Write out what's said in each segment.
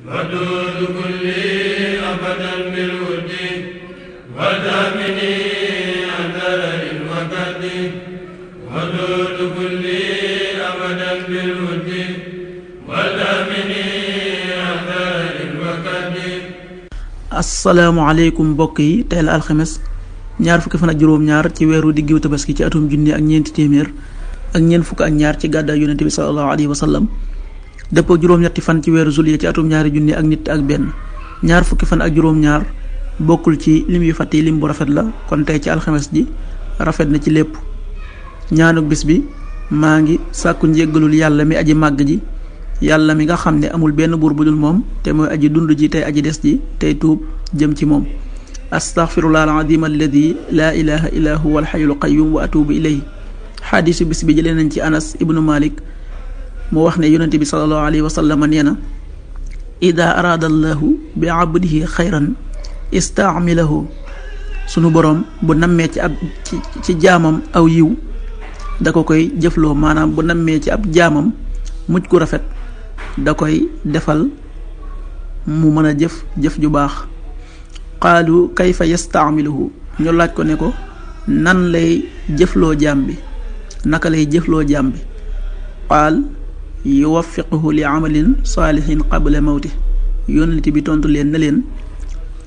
ودود كلي أبدا بالود ودامني أثر المكد ودود كلي أبدا بالود ودامني أثر المكد asalaamaaleykum mbokk yi te la alxames ñaar fukki fan juróom-ñaar ci weeru diggu tabaski ci atum junni ak ñeenti téeméer ak ñeent fukk ak ñaar ci gàddaay yonente bi sallallahu alayhi wa dëppoo juróom-ñetti fan ci weeru juillet ci atum ñaari junni ak nit ak benn ñaar fukki fan ak juróom-ñaar bokkul ci lim yu fàtte yi lim bu rafet la kon tey ci alxames ji rafet na ci lépp ñaanu bis bi maa ngi sàkk njéggalul yàlla mi aji màgg ji yàlla mi nga xam ne amul benn buur bu dul moom te mooy aji dund ji tey aji des ji tey tuub jëm ci moom astaghfirullah aladim alladi laa ilaha illa huwa alxayul qayum wa atubu ilayhi xaadisu bis bi jëlee nañ ci anas ibnu malik moo wax ne yonente bi salallahu alayhi wa sallam nee na ida araada bi abdihi xayran istaamilahu sunu boroom bu nammee ci ab ci jaamam aw yiw da ko koy jëfloo maanaam bu nammee ci ab jaamam mujj ku rafet da koy defal mu mën a jëf jëf ju baax qaalu kayfa yastaamiluhu ñu laaj ko ne ko nan lay jëfloo jaam bi naka lay jëfloo jaam bi qaal yuwaffiquhu li amalin saalihin qabla mawti yonent bi tontu leen na leen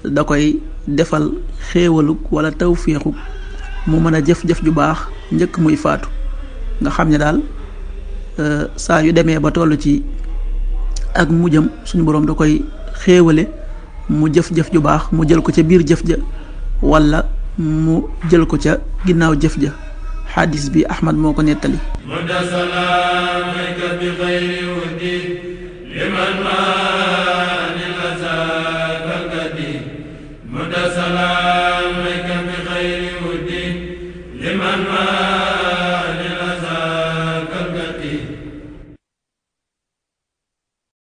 da koy defal xéewaluk wala tawféexuk mu mën a jëf-jëf ju baax njëkk muy faatu nga xam ne daal euh, saa yu demee ba toll ci ak mu jëm suñu boroom da koy xéewale mu jëf-jëf ju baax mu jël ko ca biir jëf ja walla mu jël ko ca ginnaaw jëf ja xadis bi Ahmad moo ko nettali. man